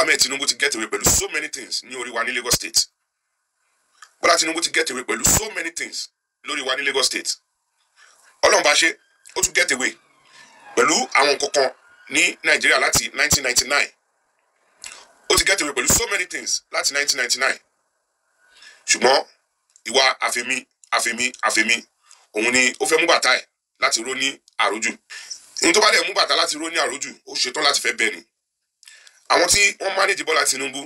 Bola Ahmed Tinubu ti get away pẹ̀lú so many things ní orí wa ní Lagos state Bola Tinubu ti get away pẹ̀lú so many things lórí wa ní Lagos state Ọlọ́run bá ṣe ó tún get away pẹ̀lú àwọn kankan ní Nàìjíríà láti 1999 ó ti get away pẹ̀lú so many things láti 1999 ṣùgbọ́n ìwà àfẹ̀mí àfẹ̀mí àfẹ̀mí òun ni ó fẹ́ mú bàtà ẹ̀ láti ró ní àròjù ní tó bá dẹ̀ mú bàtà láti ró ní àròjù ó ṣetán láti fẹ́ bẹ́ẹ̀ ni àwọn tí wọ́n manage Bọ́lá Tinubu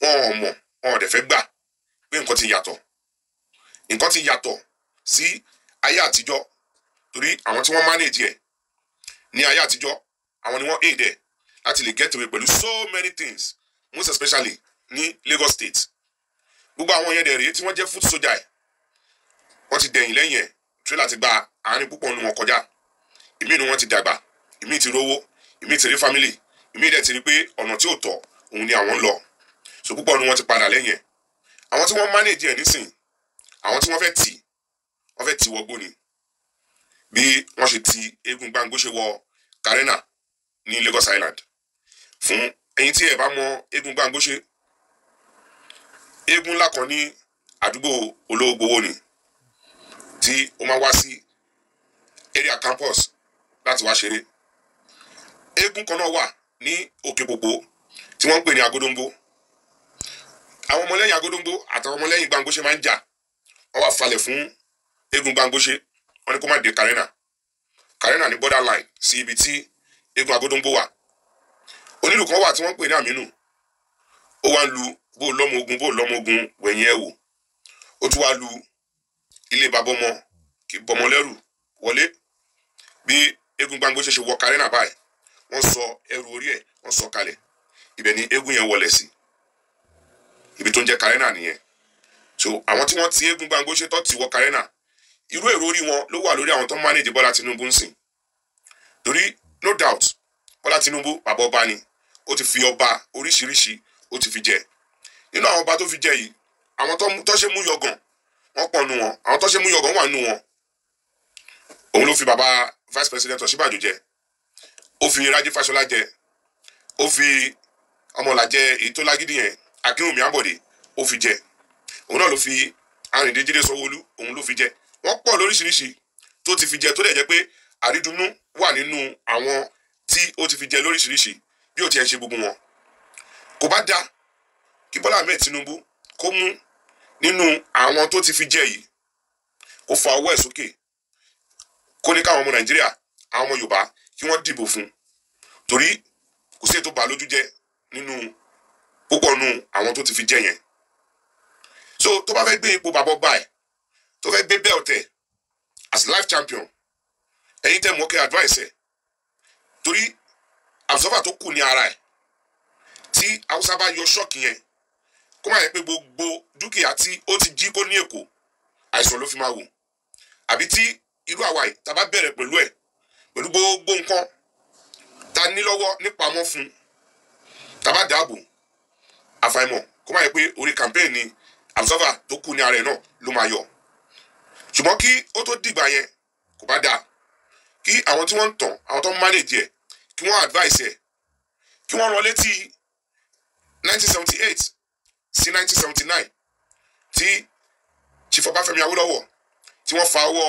wọn ò mọ̀ wọn ò dẹ̀ fẹ́ gbà pé nǹkan ti yàtọ̀ nǹkan ti yàtọ̀ sí ayé àtijọ́ torí àwọn tí wọ́n manage ẹ̀ ní ayé àtijọ́ àwọn ni wọ́n aid ẹ̀ láti lè get away pẹ̀lú so many things most especially ní Lagos State gbogbo àwọn yẹn dẹ̀ rèé tí wọ́n jẹ́ foot soldier ẹ̀ wọ́n ti dẹ̀yìn lẹ́yìn ẹ̀ tírélà ti gba àárín púpọ̀ nínú wọn kọjá ìmí ni wọ́n ti dàgbà ìmí ti rówó ìmí ti rí family èmi dẹ̀ ti rí pé ọ̀nà tí ò tọ́ òun ni àwọn ń lọ so púpọ̀ ni wọ́n ti padà lẹ́yìn ẹ̀ àwọn tí wọ́n manage ẹ̀ nísìn àwọn tí wọ́n fẹ́ tì wọ́n fẹ́ tì wọgbó ni bí wọ́n ṣe ti eégún gbàngbó ṣe wọ Karena ní Lagos Island fún ẹ̀yin tí ẹ bá mọ eégún gbàngbó ṣe eégún ńlá kan ní àdúgbò olówógbowó ni tí ó máa wá sí area campus láti wá ṣeré eégún kan náà wà ní òkè pòpò tí wọ́n ń pè ní agodongbo àwọn ọmọlẹ́yìn agodongbo àtàwọn ọmọlẹ́yìn Gbangoṣe máa ń jà wọ́n wá falẹ̀ fún eégún Gbangoṣe wọ́n ní kó má dé Kàrẹ́nà Kàrẹ́nà ní borderline sí ibi tí eégún agodongbo wà onílù kan wà tí wọ́n ń pè ní Aminu ó wá ń lu bó lọ́mọ ogun bó lọ́mọ ogun wẹ̀yìn ẹ̀ wò ó tún wá lu ilé babọ́mọ kì í bọ́mọ lẹ́rù wọlé bí eégún Gbangoṣe ṣe wọ Kàrẹ́nà báyìí sọ̀kalẹ̀ ibẹ̀ ni eégún yẹn wọlẹ̀ si, ibi tó ń jẹ́ karena nìyẹn so àwọn tí wọ́n ti eégún gbàngbó ṣe tó ti wọ karena irú èrò orí wọn ló wà lórí àwọn tó ń manage Bọ́lá Tinubu ń sìn torí no doubt Bọ́lá Tinubu bàbá ọba ni ó ti fi ọba oríṣiríṣi ó ti fi jẹ nínú àwọn ọba tó fi jẹ yìí àwọn tó ṣe mú yọgàn wọ́n pọ̀ nù wọn àwọn tó ṣe mú yọgàn wà nù wọn òun ló fi bàbá vice president Ọ̀ṣínbàjò jẹ ó fi Rájí jẹ ó fi ọmọlàjẹ èyí tó lágídí yẹn akínwùmí àbọ̀dé ó fi jẹ òun náà ló fi arìndínlẹ́jẹ́dẹ́ sanwó-olú òun ló fi jẹ wọ́n pọ̀ lóríṣiríṣi tó ti fi jẹ tó dẹ̀ jẹ́ pé àrídùnnú wà nínú àwọn tí ó ti fi jẹ lóríṣiríṣi bí ó tiẹ̀ ṣe gbogbo wọn kò bá dáa kí Bọ́lá Ahmed Tinubu kó mú nínú àwọn tó ti fi jẹ yìí kó fa ọwọ́ ẹ̀ sókè kó ní káwọn ọmọ Nàìjíríà àwọn Yorùbá kí wọ́n dìbò fún torí kò sí ètò bà lójú jẹ́ nínú púpọ̀ nù àwọn tó ti fi jẹ yẹn so tó bá fẹ́ gbé ipò bàbá ọba tó fẹ́ gbé bẹ́ẹ̀ ọ̀tẹ̀ as life champion ẹ̀yin tẹ̀ mọ́kẹ́ advice ẹ̀ torí absorber tó kù ní ara ẹ̀ tí haúsá bá yọ ṣọ́ọ̀kì yẹn kó má yẹ pé gbogbo dúkìá tí ó ti jí kó ní èkó àìsàn ló fi máa wò àbí tí irú àwa yìí tá a bá bẹ̀rẹ̀ pẹ̀lú ẹ̀ pẹ̀lú gbogbo nǹkan ní lọ́wọ́ nípamọ́ fún tàbá dáàbò àfàìmọ̀ kó má yẹ pé orí kàmpéènì àmúsọ́fà tó kú ní ara ẹ̀ náà ló máa yọ ṣùgbọ́n kí ó tó dìgbà yẹn kò bá dáa kí àwọn tí wọ́n ń tàn àwọn tó ń manage ẹ̀ kí wọ́n advice ẹ̀ kí wọ́n rán létí 1978 sí 1979 tí chief Ọbáfẹ́mi Awólọ́wọ̀ tí wọ́n fa ọwọ́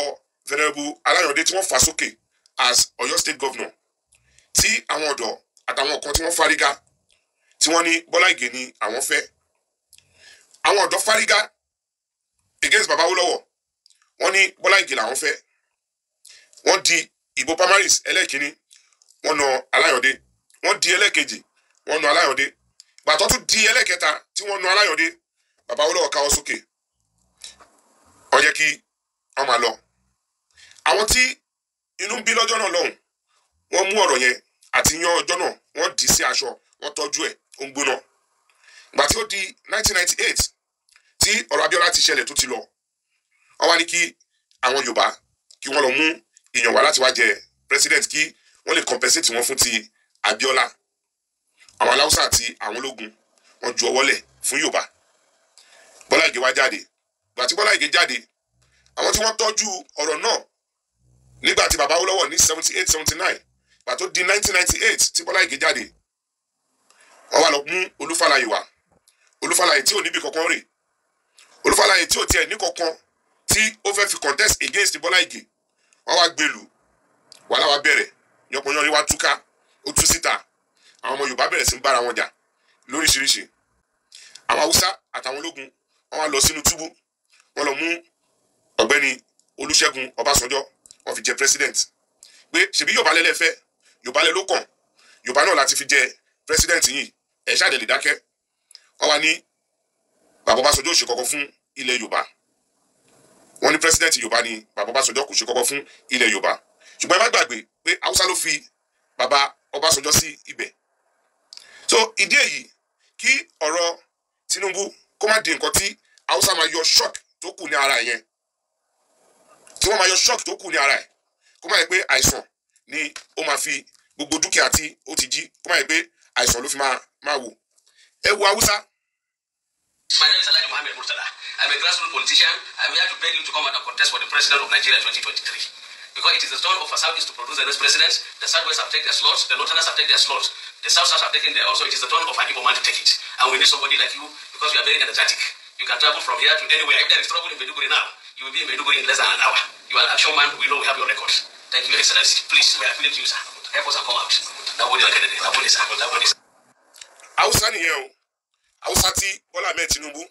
venerable Aláyọ̀dé tí wọ́n fà sókè as Ọ̀yọ́ state governor tí àwọn ọ̀dọ́ àtàwọn kan tí wọ́n fárígá tí wọ́n ní Bọ́lá Ìgè ni àwọn fẹ́ àwọn ọ̀dọ́ fárígá against Baba Awólọ́wọ̀ wọ́n ní Bọ́lá Ìgè làwọn fẹ́ wọ́n di ìbò primaries ẹlẹ́ẹ̀kínní wọ́n nà Aláyọ̀dé wọ́n di ẹlẹ́ẹ̀kejì wọ́n nà Aláyọ̀dé gbàtọ́ tún di ẹlẹ́ẹ̀kẹta tí wọ́n nà Aláyọ̀dé Baba Awólọ́wọ̀ káwọ́ sókè ó yẹ kí wọ́n máa lọ àwọn tí inú ń bí lọ́jọ́ náà lọ́hùn wọ́n mú ọ̀rọ̀ yẹn àti yan ọjọ́ náà wọ́n dì í sí aṣọ wọ́n tọ́jú ẹ̀ ó ń gbóná ìgbà tí ó di 1998 tí ọ̀rọ̀ Abíọ́lá ti ṣẹlẹ̀ tó ti lọ wọ́n wá ní kí àwọn Yorùbá kí wọ́n lọ mú èèyàn wá láti wá jẹ president kí wọ́n lè compensate wọn fún ti Abíọ́lá àwọn aláwùsá àti àwọn ológun wọ́n ju ọwọ́ lẹ̀ fún Yorùbá Bọ́lá Ìgè wá jáde ìgbà tí Bọ́lá Ìgè jáde àwọn tí wọ́n tọ́jú ọ̀rọ̀ náà nígbà tí bàbá Awólọ́wọ̀ ní seventy eight seventy nine pàtó di 1998 tí Bọ́lá Ìgè jáde wọ́n wá lọ mú Olúfàlàyé wá Olúfàlàyé tí ò níbi kankan rè Olúfàlàyé tí ò tiẹ̀ ní kankan tí ó fẹ́ fi contest against Bọ́lá Ìgè wọ́n wá gbèlú wàhálà wá bẹ̀rẹ̀ yánpọnyánrin wá túká ó tú síta àwọn ọmọ Yorùbá bẹ̀rẹ̀ sí ń bára wọn jà lóríṣiríṣi àwọn Haúsá àtàwọn ológun wọ́n wá lọ sínú túbú wọ́n lọ mú ọ̀gbẹ́ni Olúṣẹ́gun Ọbásanjọ́ wọ́n fi jẹ president pé ṣèbí Yorùbá lẹ́lẹ́fẹ́ yorùbá lẹ ló kàn yorùbá náà láti fi jẹ pírẹsidẹ́ǹtì yìí ẹ̀ ṣáàdẹ̀ lè dákẹ́ wọ́n wá ní bàbá Ọbásanjọ́ ò ṣe kọ́kọ́ fún ilẹ̀ yorùbá wọ́n ní pírẹsidẹ́ǹtì yorùbá ni bàbá Ọbásanjọ́ kò ṣe kọ́kọ́ fún ilẹ̀ yorùbá ṣùgbọ́n ẹ má gbàgbé pé haúsá ló fi bàbá Ọbásanjọ́ sí ibẹ̀ so ìdí èyí kí ọ̀rọ̀ Tinubu kó má di nǹkan tí haúsá máa yọ ṣọ́ọ̀kì tó kù ní ara yẹn tí wọ́n máa yọ ṣọ́ọ̀kì tó kù ní ara ẹ̀ kó má yẹ pé àìsàn ni ó máa fi gbogbo dúkìá tí ó ti jí kó má yẹ àìsàn ló fi máa wò ẹ wo haúsá. my name is alhaji mohammed murtala i'm a grassroots politician i'm here to beg you to come and contest for the president of nigeria 2023 because it is the turn of a Southeast to produce the next president. The Southwest have taken their slots, the Northerners have taken their slots, the South South have taken their also. It is the turn of an Igbo man to take it. And we need somebody like you because you are very energetic. You can travel from here to anywhere. If there is trouble in Meduguri now, you will be in Meduguri in less than an hour. You are a sure man, we know we have your record. Thank you, Your Excellency. Please, we are appealing you, sir. Help us and come out. That body Hausa nìyẹn o. Hausa tí Bọ́lá Ahmed Tinubu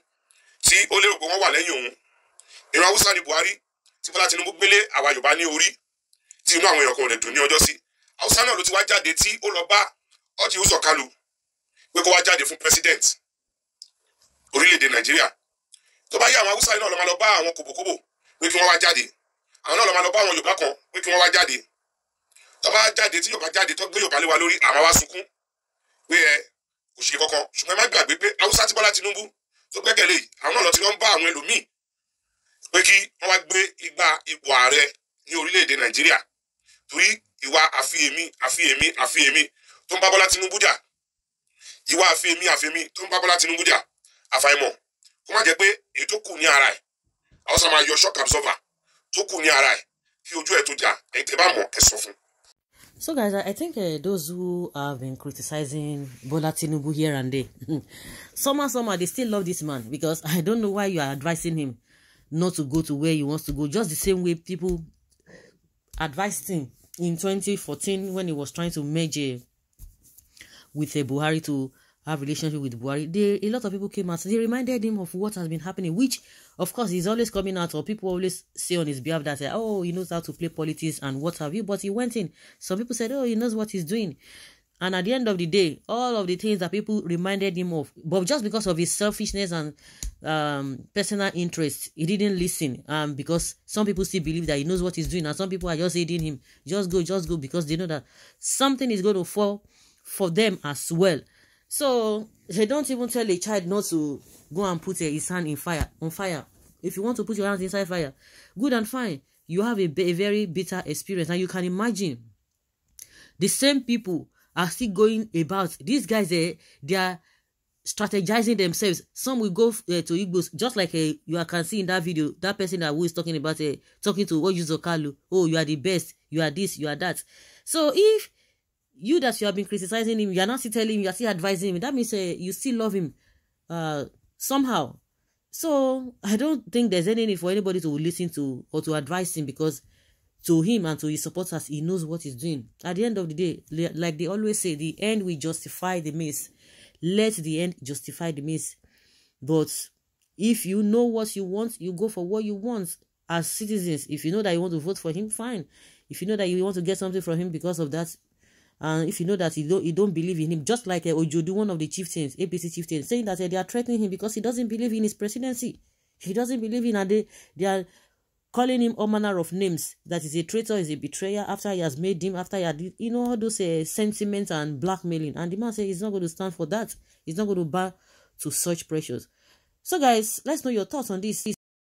tí ó lérò pé wọ́n wà lẹ́yìn òun. Ìran Hausa ni Buhari tí Bọ́lá Tinubu gbélé àwa Yorùbá ní orí tí inú àwọn èèyàn kan rẹ̀ dùn ní ọjọ́ sí. Hausa náà ló ti wá jáde tí ó lọ bá Ọ́jì Úsọ̀ Kalu pé kó wá jáde fún president orílẹ̀-èdè Nàìjíríà. Tó bá yẹ àwọn Hausa náà lọ máa bá àwọn kòbòkòbò pé kí wọ́n wá jáde. Àwọn náà lọ máa bá àwọn Yorùbá kan pé kí wọ́n wá jáde tọ́ba jáde tí yorùbá jáde tó gbé yorùbá lé wa lórí àwa wa sunkún pé ẹ kò ṣe kankan ṣùgbọ́n ẹ má gbàgbé pé haúsá tí bọ́lá tinubu tó gbẹ́kẹ̀lé yìí àwọn náà lọ ti lọ ń bá àwọn ẹlòmíì pé kí wọ́n wá gbé igba ipò ààrẹ ní orílẹ̀-èdè nàìjíríà torí ìwà àfihèmí àfihèmí àfihèmí tó ń bá bọ́lá tinubu jà ìwà àfihèmí àfihèmí tó ń bá bọ́lá tinubu jà àfàìmọ̀ kó má jẹ́ pé èyí tó kù ní ara ẹ̀ haúsá máa yọ shock tó kù ní ara ẹ̀ kí ojú ẹ̀ tó jà ẹ̀yin tẹ́ bá mọ̀ ẹ̀ sọ fún un. So, guys, I, think uh, those who have been criticizing Bola Tinubu here and there, somehow, somehow, they still love this man because I don't know why you are advising him not to go to where he wants to go. Just the same way people advised him in 2014 when he was trying to merge eh, with a eh, Buhari to have relationship with Buhari, they, a lot of people came out. They reminded him of what has been happening, which, of course, he's always coming out, or people always say on his behalf that, uh, oh, he knows how to play politics and what have you. But he went in. Some people said, oh, he knows what he's doing. And at the end of the day, all of the things that people reminded him of, but just because of his selfishness and um, personal interest, he didn't listen. Um, because some people still believe that he knows what he's doing, and some people are just aiding him. Just go, just go, because they know that something is going to fall for them as well. so they don't even tell a child not to go and put his hand in fire on fire if you want to put your hands inside fire good and fine you have a, a very bitter experience and you can imagine the same people are still going about these guys they, eh, they are strategizing themselves some will go uh, to igbos just like uh, you are, can see in that video that person that who is talking about uh, talking to ojuzokalu oh you are the best you are this you are that so if you that you have been criticizing him, you are not still telling him, you are still advising him. That means uh, you still love him uh, somehow. So I don't think there's any need for anybody to listen to or to advise him because to him and to his supporters, he knows what he's doing. At the end of the day, like they always say, the end will justify the means. Let the end justify the means. But if you know what you want, you go for what you want as citizens. If you know that you want to vote for him, fine. If you know that you want to get something from him because of that, and if you know that you don't, you don't believe in him, just like uh, Ojodu, one of the chieftains, APC chieftains, saying that uh, they are threatening him because he doesn't believe in his presidency. He doesn't believe in, and they, they are calling him all manner of names, that is a traitor, is a betrayer, after he has made him, after he had, you know, all those uh, sentiments and blackmailing. And the man said he's not going to stand for that. He's not going to bow to such pressures. So guys, let's know your thoughts on this.